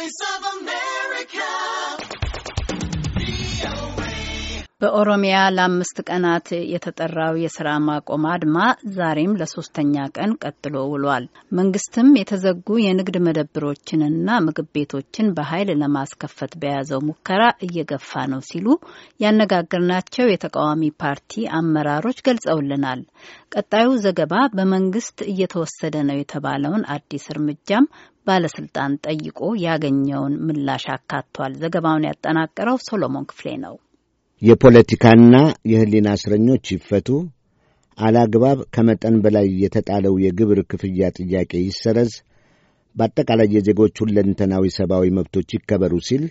voice of በኦሮሚያ ለአምስት ቀናት የተጠራው የስራ ማቆም አድማ ዛሬም ለሶስተኛ ቀን ቀጥሎ ውሏል። መንግስትም የተዘጉ የንግድ መደብሮችንና ምግብ ቤቶችን በኃይል ለማስከፈት በያዘው ሙከራ እየገፋ ነው ሲሉ ያነጋገርናቸው የተቃዋሚ ፓርቲ አመራሮች ገልጸውልናል። ቀጣዩ ዘገባ በመንግስት እየተወሰደ ነው የተባለውን አዲስ እርምጃም ባለስልጣን ጠይቆ ያገኘውን ምላሽ አካቷል። ዘገባውን ያጠናቀረው ሶሎሞን ክፍሌ ነው። የፖለቲካና የህሊና እስረኞች ይፈቱ፣ አላግባብ ከመጠን በላይ የተጣለው የግብር ክፍያ ጥያቄ ይሰረዝ፣ በአጠቃላይ የዜጎች ሁለንተናዊ ሰብአዊ መብቶች ይከበሩ ሲል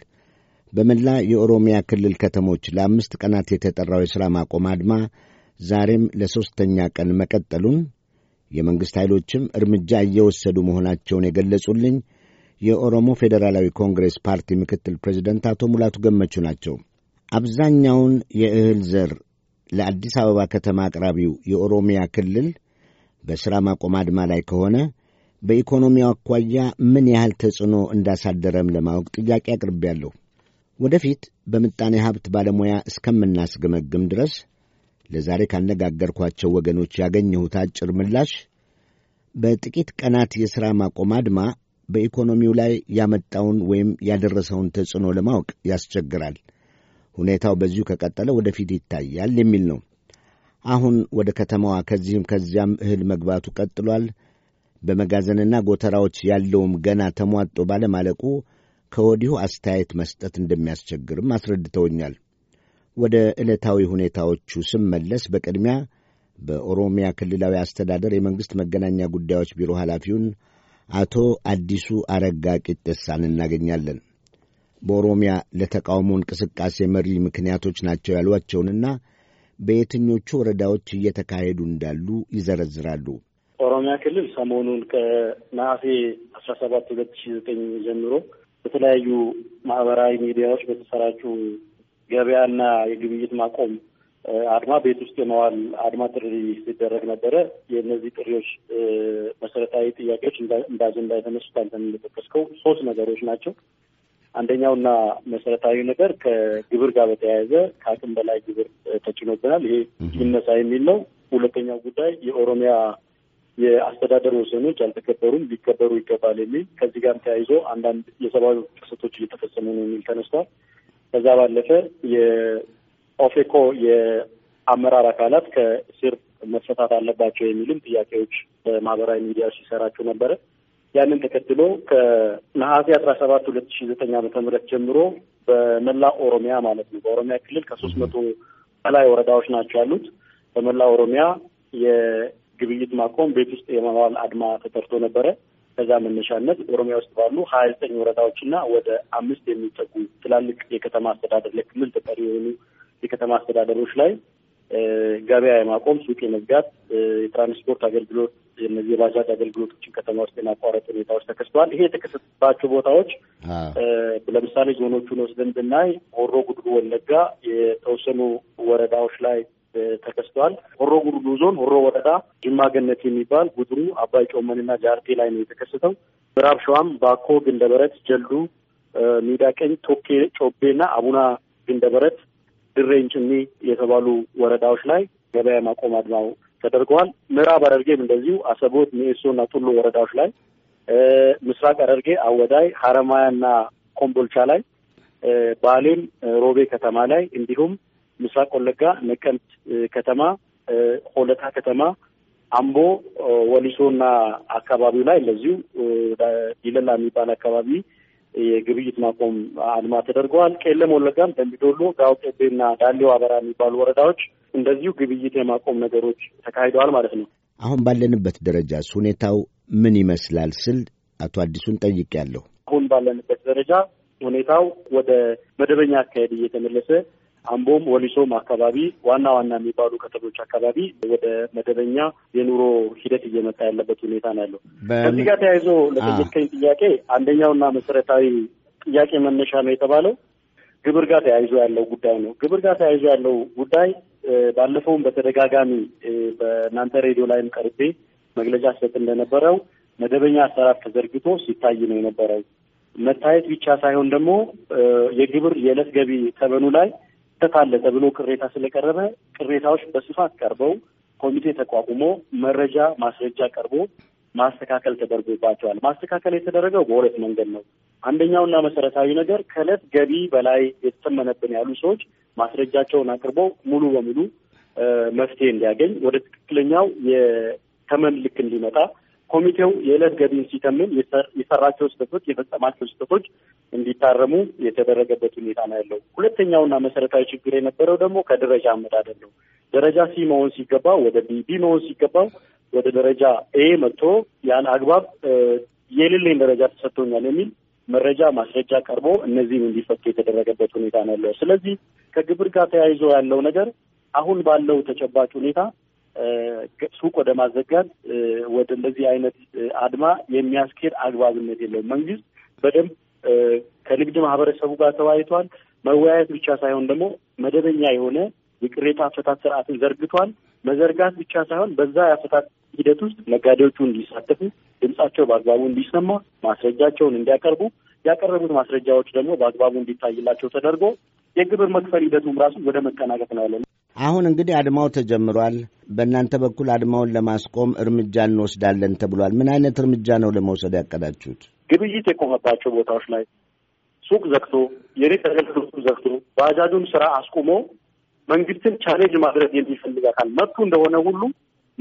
በመላ የኦሮሚያ ክልል ከተሞች ለአምስት ቀናት የተጠራው የሥራ ማቆም አድማ ዛሬም ለሦስተኛ ቀን መቀጠሉን የመንግሥት ኃይሎችም እርምጃ እየወሰዱ መሆናቸውን የገለጹልኝ የኦሮሞ ፌዴራላዊ ኮንግሬስ ፓርቲ ምክትል ፕሬዚደንት አቶ ሙላቱ ገመቹ ናቸው። አብዛኛውን የእህል ዘር ለአዲስ አበባ ከተማ አቅራቢው የኦሮሚያ ክልል በሥራ ማቆም አድማ ላይ ከሆነ በኢኮኖሚው አኳያ ምን ያህል ተጽዕኖ እንዳሳደረም ለማወቅ ጥያቄ አቅርቤያለሁ። ወደፊት በምጣኔ ሀብት ባለሙያ እስከምናስገመግም ድረስ ለዛሬ ካነጋገርኳቸው ወገኖች ያገኘሁት አጭር ምላሽ በጥቂት ቀናት የሥራ ማቆም አድማ በኢኮኖሚው ላይ ያመጣውን ወይም ያደረሰውን ተጽዕኖ ለማወቅ ያስቸግራል። ሁኔታው በዚሁ ከቀጠለ ወደፊት ይታያል የሚል ነው። አሁን ወደ ከተማዋ ከዚህም ከዚያም እህል መግባቱ ቀጥሏል። በመጋዘንና ጎተራዎች ያለውም ገና ተሟጦ ባለማለቁ ከወዲሁ አስተያየት መስጠት እንደሚያስቸግርም አስረድተውኛል። ወደ ዕለታዊ ሁኔታዎቹ ስመለስ በቅድሚያ በኦሮሚያ ክልላዊ አስተዳደር የመንግሥት መገናኛ ጉዳዮች ቢሮ ኃላፊውን አቶ አዲሱ አረጋ ቂጤሳን እናገኛለን። በኦሮሚያ ለተቃውሞ እንቅስቃሴ መሪ ምክንያቶች ናቸው ያሏቸውንና በየትኞቹ ወረዳዎች እየተካሄዱ እንዳሉ ይዘረዝራሉ። ኦሮሚያ ክልል ሰሞኑን ከነሐሴ አስራ ሰባት ሁለት ሺ ዘጠኝ ጀምሮ በተለያዩ ማህበራዊ ሚዲያዎች በተሰራጩ ገበያና የግብይት ማቆም አድማ ቤት ውስጥ የመዋል አድማ ጥሪ ሲደረግ ነበረ። የእነዚህ ጥሪዎች መሰረታዊ ጥያቄዎች እንደ አጀንዳ የተነሱት አንተ ሶስት ነገሮች ናቸው። አንደኛውና መሰረታዊ ነገር ከግብር ጋር በተያያዘ ከአቅም በላይ ግብር ተጭኖብናል፣ ይሄ ይነሳ የሚል ነው። ሁለተኛው ጉዳይ የኦሮሚያ የአስተዳደር ወሰኖች አልተከበሩም፣ ሊከበሩ ይገባል የሚል ከዚህ ጋር ተያይዞ አንዳንድ የሰብአዊ ጥሰቶች እየተፈጸሙ ነው የሚል ተነስቷል። ከዛ ባለፈ የኦፌኮ የአመራር አካላት ከእስር መፈታት አለባቸው የሚልም ጥያቄዎች በማህበራዊ ሚዲያ ሲሰራቸው ነበረ። ያንን ተከትሎ ከነሐሴ አስራ ሰባት ሁለት ሺ ዘጠኝ ዓመተ ምህረት ጀምሮ በመላ ኦሮሚያ ማለት ነው በኦሮሚያ ክልል ከሶስት መቶ በላይ ወረዳዎች ናቸው ያሉት። በመላ ኦሮሚያ የግብይት ማቆም ቤት ውስጥ የመዋል አድማ ተጠርቶ ነበረ። ከዛ መነሻነት ኦሮሚያ ውስጥ ባሉ ሀያ ዘጠኝ ወረዳዎችና ወደ አምስት የሚጠጉ ትላልቅ የከተማ አስተዳደር ለክልል ተጠሪ የሆኑ የከተማ አስተዳደሮች ላይ ገበያ የማቆም ሱቅ የመዝጋት የትራንስፖርት አገልግሎት እነዚህ የባጃጅ አገልግሎቶችን ከተማ ውስጥ የማቋረጥ ሁኔታዎች ተከስተዋል። ይሄ የተከሰተባቸው ቦታዎች ለምሳሌ ዞኖቹን ወስደን ብናይ ሆሮ ጉድሩ ወለጋ የተወሰኑ ወረዳዎች ላይ ተከስተዋል። ሆሮ ጉድሩ ዞን ሆሮ ወረዳ ጅማ የሚባል ጉድሩ፣ አባይ ጮመንና ጃርቴ ላይ ነው የተከሰተው። ምዕራብ ሸዋም ባኮ፣ ግንደበረት፣ ጀልዱ፣ ሚዳ ቀኝ፣ ቶኬ ጮቤና አቡና ግንደበረት ድሬን ጭኒ የተባሉ ወረዳዎች ላይ ገበያ ማቆም አድማው ተደርገዋል። ምዕራብ ሐረርጌም እንደዚሁ አሰቦት፣ ሚኤሶ እና ጡሎ ወረዳዎች ላይ ምስራቅ ሐረርጌ አወዳይ፣ ሀረማያ እና ኮምቦልቻ ላይ ባሌም ሮቤ ከተማ ላይ እንዲሁም ምስራቅ ወለጋ ነቀምት ከተማ፣ ሆለታ ከተማ፣ አምቦ ወሊሶ እና አካባቢው ላይ እንደዚሁ ዲለላ የሚባል አካባቢ የግብይት ማቆም አድማ ተደርገዋል። ቄለም ወለጋም፣ ደምቢዶሎ፣ ጋውጤቤና ዳሌው አበራ የሚባሉ ወረዳዎች እንደዚሁ ግብይት የማቆም ነገሮች ተካሂደዋል ማለት ነው። አሁን ባለንበት ደረጃስ ሁኔታው ምን ይመስላል ስል አቶ አዲሱን ጠይቄያለሁ። አሁን ባለንበት ደረጃ ሁኔታው ወደ መደበኛ አካሄድ እየተመለሰ አምቦም ወሊሶም አካባቢ ዋና ዋና የሚባሉ ከተሞች አካባቢ ወደ መደበኛ የኑሮ ሂደት እየመጣ ያለበት ሁኔታ ነው ያለው። ከዚህ ጋር ተያይዞ ለጠየቀኝ ጥያቄ አንደኛውና መሰረታዊ ጥያቄ መነሻ ነው የተባለው ግብር ጋር ተያይዞ ያለው ጉዳይ ነው። ግብር ጋር ተያይዞ ያለው ጉዳይ ባለፈውም በተደጋጋሚ በእናንተ ሬዲዮ ላይም ቀርቤ መግለጫ ሰጥ እንደነበረው መደበኛ አሰራር ተዘርግቶ ሲታይ ነው የነበረው። መታየት ብቻ ሳይሆን ደግሞ የግብር የዕለት ገቢ ተመኑ ላይ ክፍተት አለ ተብሎ ቅሬታ ስለቀረበ ቅሬታዎች በስፋት ቀርበው ኮሚቴ ተቋቁሞ መረጃ ማስረጃ ቀርቦ ማስተካከል ተደርጎባቸዋል። ማስተካከል የተደረገው በሁለት መንገድ ነው። አንደኛውና መሰረታዊ ነገር ከእለት ገቢ በላይ የተተመነብን ያሉ ሰዎች ማስረጃቸውን አቅርበው ሙሉ በሙሉ መፍትሄ እንዲያገኝ ወደ ትክክለኛው የተመን ልክ እንዲመጣ ኮሚቴው የዕለት ገቢን ሲተምን የሰራቸው ስህተቶች፣ የፈጸማቸው ስህተቶች እንዲታረሙ የተደረገበት ሁኔታ ነው ያለው። ሁለተኛውና መሰረታዊ ችግር የነበረው ደግሞ ከደረጃ አመዳደር ነው። ደረጃ ሲ መሆን ሲገባው ወደ ቢ፣ ቢ መሆን ሲገባው ወደ ደረጃ ኤ መጥቶ ያን አግባብ የሌለኝ ደረጃ ተሰጥቶኛል የሚል መረጃ ማስረጃ ቀርቦ እነዚህም እንዲፈቱ የተደረገበት ሁኔታ ነው ያለው። ስለዚህ ከግብር ጋር ተያይዞ ያለው ነገር አሁን ባለው ተጨባጭ ሁኔታ ሱቅ ወደ ማዘጋት ወደ እንደዚህ አይነት አድማ የሚያስኬድ አግባብነት የለውም። መንግስት በደንብ ከንግድ ማህበረሰቡ ጋር ተወያይቷል። መወያየት ብቻ ሳይሆን ደግሞ መደበኛ የሆነ የቅሬታ አፈታት ስርዓትን ዘርግቷል። መዘርጋት ብቻ ሳይሆን በዛ የአፈታት ሂደት ውስጥ ነጋዴዎቹ እንዲሳተፉ፣ ድምጻቸው በአግባቡ እንዲሰማ፣ ማስረጃቸውን እንዲያቀርቡ፣ ያቀረቡት ማስረጃዎች ደግሞ በአግባቡ እንዲታይላቸው ተደርጎ የግብር መክፈል ሂደቱም ራሱ ወደ መቀናቀፍ ነው ያለ። አሁን እንግዲህ አድማው ተጀምሯል። በእናንተ በኩል አድማውን ለማስቆም እርምጃ እንወስዳለን ተብሏል። ምን አይነት እርምጃ ነው ለመውሰድ ያቀዳችሁት? ግብይት የቆመባቸው ቦታዎች ላይ ሱቅ ዘግቶ የቤት አገልግሎቱን ዘግቶ ባጃጁን ስራ አስቁሞ መንግስትን ቻሌንጅ ማድረግ የሚፈልግ አካል መብቱ እንደሆነ ሁሉ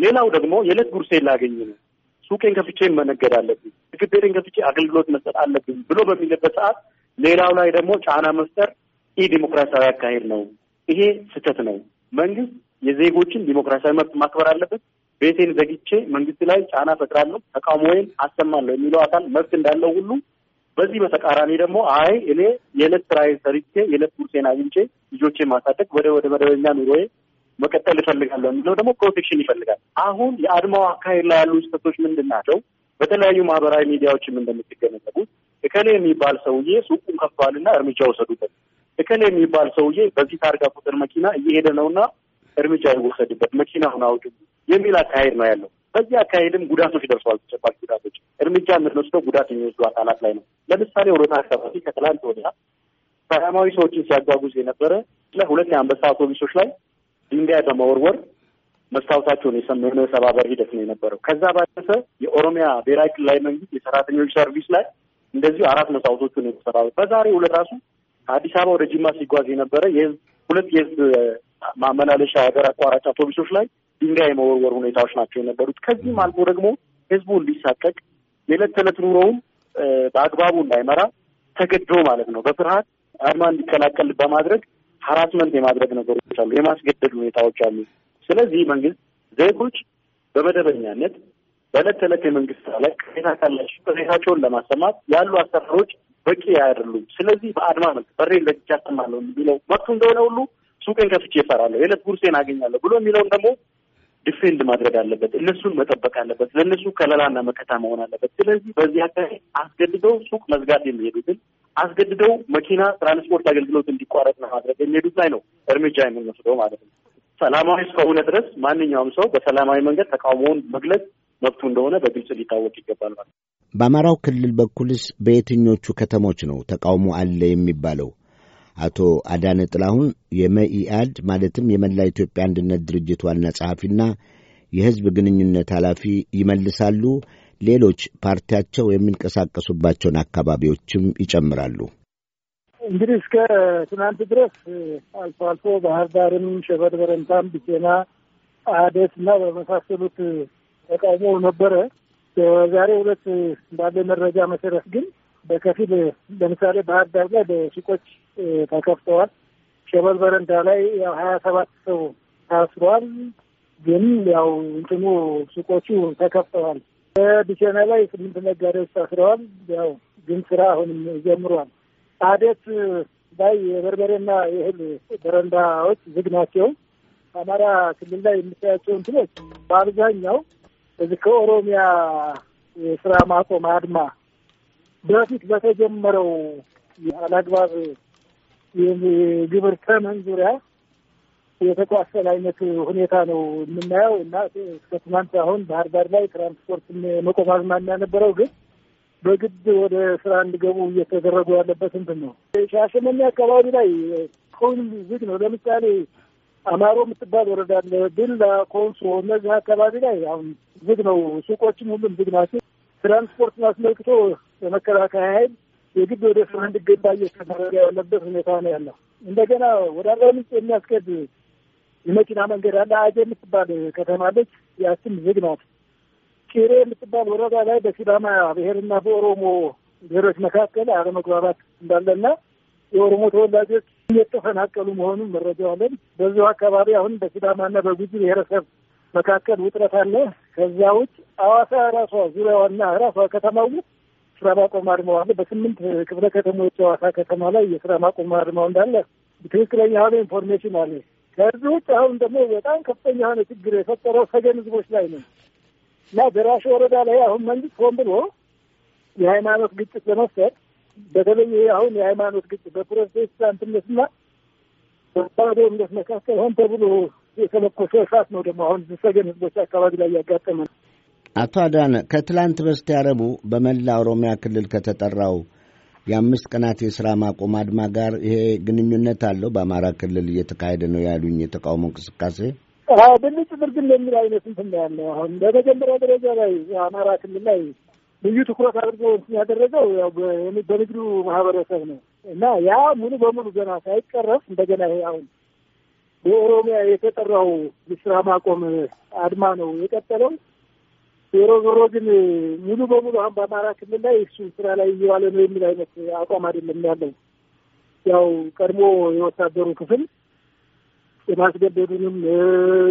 ሌላው ደግሞ የዕለት ጉርሴን ላገኝ ነው ሱቄን ከፍቼ መነገድ አለብኝ፣ ምግብ ቤቴን ከፍቼ አገልግሎት መስጠት አለብኝ ብሎ በሚልበት ሰዓት ሌላው ላይ ደግሞ ጫና መፍጠር ኢ ዲሞክራሲያዊ አካሄድ ነው። ይሄ ስህተት ነው። መንግስት የዜጎችን ዲሞክራሲያዊ መብት ማክበር አለበት። ቤቴን ዘግቼ መንግስት ላይ ጫና ፈጥራለሁ፣ ተቃውሞዬን አሰማለሁ የሚለው አካል መብት እንዳለው ሁሉ በዚህ በተቃራኒ ደግሞ አይ እኔ የዕለት ስራዬን ሰርቼ የዕለት ጉርሴን አግኝቼ ልጆቼን ማሳደግ ወደ ወደ መደበኛ ኑሮዬ መቀጠል እፈልጋለሁ የሚለው ደግሞ ፕሮቴክሽን ይፈልጋል። አሁን የአድማው አካሄድ ላይ ያሉ ስህተቶች ምንድን ናቸው? በተለያዩ ማህበራዊ ሚዲያዎችም እንደምትገነዘቡት እከሌ የሚባል ሰውዬ ሱቁን ከፍቷልና እርምጃ ወሰዱበት፣ እከሌ የሚባል ሰውዬ በዚህ ታርጋ ቁጥር መኪና እየሄደ ነውና እርምጃ ይወሰድበት፣ መኪናውን አውጡ የሚል አካሄድ ነው ያለው። በዚህ አካሄድም ጉዳቶች ደርሰዋል። ተጨባጭ ጉዳቶች እርምጃ የምንወስደው ጉዳት የሚወስዱ አካላት ላይ ነው። ለምሳሌ ወረታ አካባቢ ከትላንት ወዲያ ሰላማዊ ሰዎችን ሲያጓጉዝ የነበረ ለሁለት የአንበሳ አውቶቡሶች ላይ ድንጋይ በመወርወር መስታወታቸውን የመሰባበር ሂደት ነው የነበረው። ከዛ ባለፈ የኦሮሚያ ብሔራዊ ክልላዊ መንግስት የሰራተኞች ሰርቪስ ላይ እንደዚሁ አራት መስታወቶቹን የተሰራ በዛሬ ሁለት ራሱ አዲስ አበባ ወደ ጅማ ሲጓዝ የነበረ የህዝብ ሁለት የህዝብ ማመላለሻ ሀገር አቋራጭ አውቶቡሶች ላይ ድንጋይ መወርወር ሁኔታዎች ናቸው የነበሩት። ከዚህም አልፎ ደግሞ ህዝቡ እንዲሳቀቅ የዕለት ተዕለት ኑሮውም በአግባቡ እንዳይመራ ተገዶ ማለት ነው በፍርሃት አድማ እንዲቀላቀል በማድረግ ሀራስመንት የማድረግ ነገሮች አሉ፣ የማስገደድ ሁኔታዎች አሉ። ስለዚህ መንግስት ዜጎች በመደበኛነት በዕለት ተዕለት የመንግስት ላይ ቅሬታ ካላቸው ቅሬታቸውን ለማሰማት ያሉ አሰራሮች በቂ አይደሉም። ስለዚህ በአድማ መልክ በሬ ለእጅ አሰማለሁ የሚለው መብቱ እንደሆነ ሁሉ ሱቄን ከፍቼ እሰራለሁ፣ የዕለት ጉርሴን አገኛለሁ ብሎ የሚለውን ደግሞ ዲፌንድ ማድረግ አለበት። እነሱን መጠበቅ አለበት። ለእነሱ ከለላና መከታ መሆን አለበት። ስለዚህ በዚህ አካባቢ አስገድደው ሱቅ መዝጋት የሚሄዱትን አስገድደው መኪና ትራንስፖርት አገልግሎት እንዲቋረጥ ለማድረግ የሚሄዱት ላይ ነው እርምጃ የምንወስደው ማለት ነው። ሰላማዊ እስከሆነ ድረስ ማንኛውም ሰው በሰላማዊ መንገድ ተቃውሞውን መግለጽ መብቱ እንደሆነ በግልጽ ሊታወቅ ይገባል ማለት ነው። በአማራው ክልል በኩልስ በየትኞቹ ከተሞች ነው ተቃውሞ አለ የሚባለው? አቶ አዳነ ጥላሁን የመኢአድ ማለትም የመላ ኢትዮጵያ አንድነት ድርጅት ዋና ጸሐፊና የሕዝብ ግንኙነት ኃላፊ ይመልሳሉ። ሌሎች ፓርቲያቸው የሚንቀሳቀሱባቸውን አካባቢዎችም ይጨምራሉ። እንግዲህ እስከ ትናንት ድረስ አልፎ አልፎ ባህር ዳርም፣ ሸበል በረንታም፣ ብቴና፣ አደት እና በመሳሰሉት ተቃውሞ ነበረ። በዛሬ ሁለት ባለ መረጃ መሰረት ግን በከፊል ለምሳሌ ባህር ዳር ላይ በሱቆች ተከፍተዋል። ሸበል በረንዳ ላይ ያው ሀያ ሰባት ሰው ታስሯል። ግን ያው እንትኑ ሱቆቹ ተከፍተዋል። በቢቸና ላይ ስምንት ነጋዴዎች ታስረዋል። ያው ግን ስራ አሁንም ጀምሯል። አዴት ላይ የበርበሬና የእህል በረንዳዎች ዝግ ናቸው። አማራ ክልል ላይ የምታያቸው እንትኖች በአብዛኛው እዚህ ከኦሮሚያ የስራ ማቆም አድማ በፊት በተጀመረው አላግባብ የግብር ተመን ዙሪያ የተቋሰለ አይነት ሁኔታ ነው የምናየው እና እስከ ትናንት አሁን ባህር ዳር ላይ ትራንስፖርት መቆም አዝማሚያ ነበረው ግን በግድ ወደ ስራ እንዲገቡ እየተደረጉ ያለበት እንትን ነው። ሻሸመኔ አካባቢ ላይ ሁን ዝግ ነው። ለምሳሌ አማሮ የምትባል ወረዳ አለ፣ ድላ፣ ኮንሶ እነዚህ አካባቢ ላይ አሁን ዝግ ነው። ሱቆችን ሁሉም ዝግ ናቸው። ትራንስፖርትን አስመልክቶ የመከላከያ ኃይል የግድ ወደ ስራ እንዲገባ እየተደረገ ያለበት ሁኔታ ነው ያለው። እንደገና ወደ አርባ ምንጭ የሚያስገድ የመኪና መንገድ አለ። አጀ የምትባል ከተማለች፣ ያችን ዝግ ናት። ጭሬ የምትባል ወረዳ ላይ በሲዳማ ብሔርና በኦሮሞ ብሔሮች መካከል አለመግባባት እንዳለና የኦሮሞ ተወላጆች እየተፈናቀሉ መሆኑን መረጃው አለን። በዚሁ አካባቢ አሁን በሲዳማና በጉጂ ብሔረሰብ መካከል ውጥረት አለ። ከዚያ ውጭ አዋሳ ራሷ ዙሪያዋና ራሷ ከተማው ስራ ማቆም አድማው አለ። በስምንት ክፍለ ከተሞች ሐዋሳ ከተማ ላይ የስራ ማቆም አድማው እንዳለ ትክክለኛ የሆነ ኢንፎርሜሽን አለ። ከዚህ ውጭ አሁን ደግሞ በጣም ከፍተኛ የሆነ ችግር የፈጠረው ሰገን ህዝቦች ላይ ነው እና ደራሽ ወረዳ ላይ አሁን መንግስት ሆን ብሎ የሃይማኖት ግጭት ለመፍጠር በተለይ አሁን የሃይማኖት ግጭት በፕሮቴስታንትነትና በተዋሕዶ እምነት መካከል ሆን ተብሎ የተለኮሰ እሳት ነው። ደግሞ አሁን ሰገን ህዝቦች አካባቢ ላይ ያጋጠመ ነው። አቶ አዳነ ከትላንት በስቲያ ረቡዕ በመላ ኦሮሚያ ክልል ከተጠራው የአምስት ቀናት የሥራ ማቆም አድማ ጋር ይሄ ግንኙነት አለው? በአማራ ክልል እየተካሄደ ነው ያሉኝ የተቃውሞ እንቅስቃሴ ብልጭ ድርግም የሚል አይነት እንትን ያለው። አሁን በመጀመሪያ ደረጃ ላይ የአማራ ክልል ላይ ልዩ ትኩረት አድርጎ ያደረገው በንግዱ ማህበረሰብ ነው እና ያ ሙሉ በሙሉ ገና ሳይቀረፍ እንደገና ይሄ አሁን በኦሮሚያ የተጠራው የስራ ማቆም አድማ ነው የቀጠለው። ዞሮ ዞሮ ግን ሙሉ በሙሉ አሁን በአማራ ክልል ላይ እሱ ስራ ላይ እየዋለ ነው የሚል አይነት አቋም አይደለም ያለው። ያው ቀድሞ የወታደሩ ክፍል የማስገደዱንም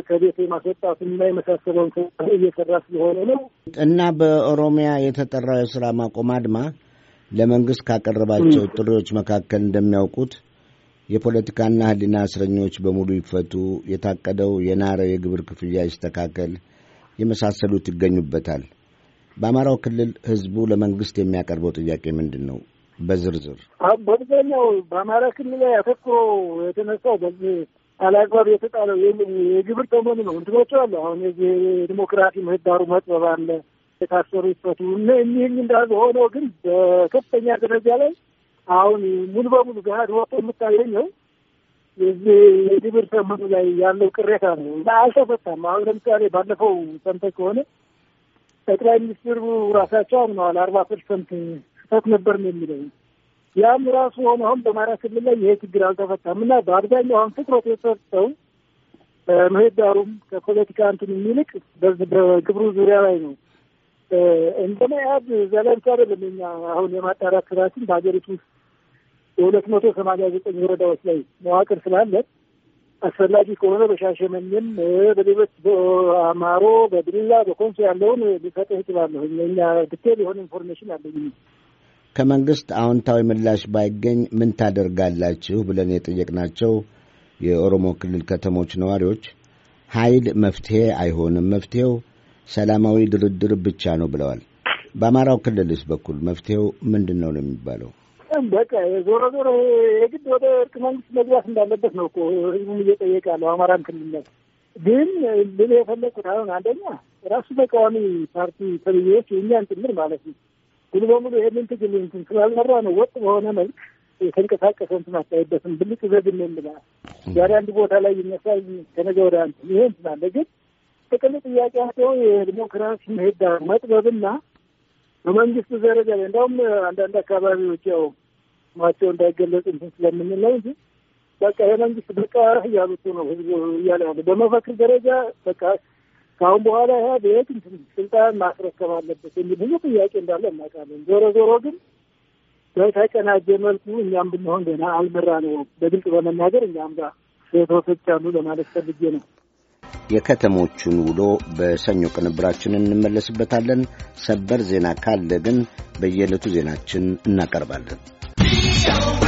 ከቤት የማስወጣቱን እና የመሳሰለውን እየሰራ ስለሆነ ነው እና በኦሮሚያ የተጠራው የስራ ማቆም አድማ ለመንግስት ካቀረባቸው ጥሪዎች መካከል እንደሚያውቁት የፖለቲካና ሕሊና እስረኞች በሙሉ ይፈቱ፣ የታቀደው የናረ የግብር ክፍያ ይስተካከል የመሳሰሉት ይገኙበታል። በአማራው ክልል ህዝቡ ለመንግስት የሚያቀርበው ጥያቄ ምንድን ነው? በዝርዝር በአብዛኛው በአማራ ክልል ላይ አተኩሮ የተነሳው በዚህ አላግባብ የተጣለው የግብር ተመኑ ነው። እንትኖች አለ አሁን የዚህ ዲሞክራሲ ምህዳሩ መጥበብ አለ፣ የታሰሩ ይፈቱ እና እኒህም እንዳሉ ሆኖ ግን በከፍተኛ ደረጃ ላይ አሁን ሙሉ በሙሉ ገሀድ ወጥቶ የምታገኘው የዚህ የግብር ተመኑ ላይ ያለው ቅሬታ ነው አልተፈታም። አሁን ለምሳሌ ባለፈው ሰምተህ ከሆነ ጠቅላይ ሚኒስትሩ ራሳቸው አምነዋል። አርባ ፐርሰንት ስህተት ነበር ነው የሚለው። ያም ራሱ ሆነ አሁን በአማራ ክልል ላይ ይሄ ችግር አልተፈታም እና በአብዛኛው አሁን ትኩረት የተሰጠው ምህዳሩም ከፖለቲካ እንትን የሚልቅ በግብሩ ዙሪያ ላይ ነው። እንደ መያድ ዘለንቻ አይደለም። እኛ አሁን የማጣራት ስራችን በሀገሪቱ ውስጥ የሁለት መቶ ሰማንያ ዘጠኝ ወረዳዎች ላይ መዋቅር ስላለ አስፈላጊ ከሆነ በሻሸመኔም በሌሎች በአማሮ በድላ በኮንሶ ያለውን ሊሰጥህ እችላለሁ። የኛ ዲቴል የሆነ ኢንፎርሜሽን አለኝ። ከመንግስት አዎንታዊ ምላሽ ባይገኝ ምን ታደርጋላችሁ ብለን የጠየቅናቸው የኦሮሞ ክልል ከተሞች ነዋሪዎች ኃይል መፍትሄ አይሆንም፣ መፍትሄው ሰላማዊ ድርድር ብቻ ነው ብለዋል። በአማራው ክልልስ በኩል መፍትሄው ምንድን ነው ነው የሚባለው? በቃ ዞሮ ዞሮ የግድ ወደ እርቅ መንግስት መግባት እንዳለበት ነው እኮ ህዝቡን እየጠየቀ ያለው አማራን ክልልነት ግን ልል የፈለግኩት አሁን አንደኛ ራሱ ተቃዋሚ ፓርቲ ተብዬዎች የእኛን ጭምር ማለት ነው ሙሉ በሙሉ ይህንን ትግል እንትን ስላልመራ ነው ወጥ በሆነ መልክ የተንቀሳቀሰ እንትን አታይበትም ብልጭ ዘግን የምላ ዛሬ አንድ ቦታ ላይ ይነሳል፣ ከነገ ወደ አንድ ይሄ እንትን አለ ግን ጥቅል ጥያቄያቸው የዲሞክራሲ ምህዳር መጥበብና በመንግስት ደረጃ ላይ እንደውም አንዳንድ አካባቢዎች ያው ስማቸው እንዳይገለጽ ስለምንል ስለምንለው እንጂ በቃ የመንግስት በቃ እያሉት ነው ህዝቡ እያለ ያለ በመፈክር ደረጃ በቃ ከአሁን በኋላ ያ ቤት ስልጣን ማስረከብ አለበት የሚል ብዙ ጥያቄ እንዳለ እናውቃለን። ዞሮ ዞሮ ግን በተቀናጀ መልኩ እኛም ብንሆን ገና አልመራ ነው በግልጽ በመናገር እኛም ጋር ሴቶች አሉ ለማለት ፈልጌ ነው። የከተሞቹን ውሎ በሰኞ ቅንብራችን እንመለስበታለን። ሰበር ዜና ካለ ግን በየዕለቱ ዜናችን እናቀርባለን።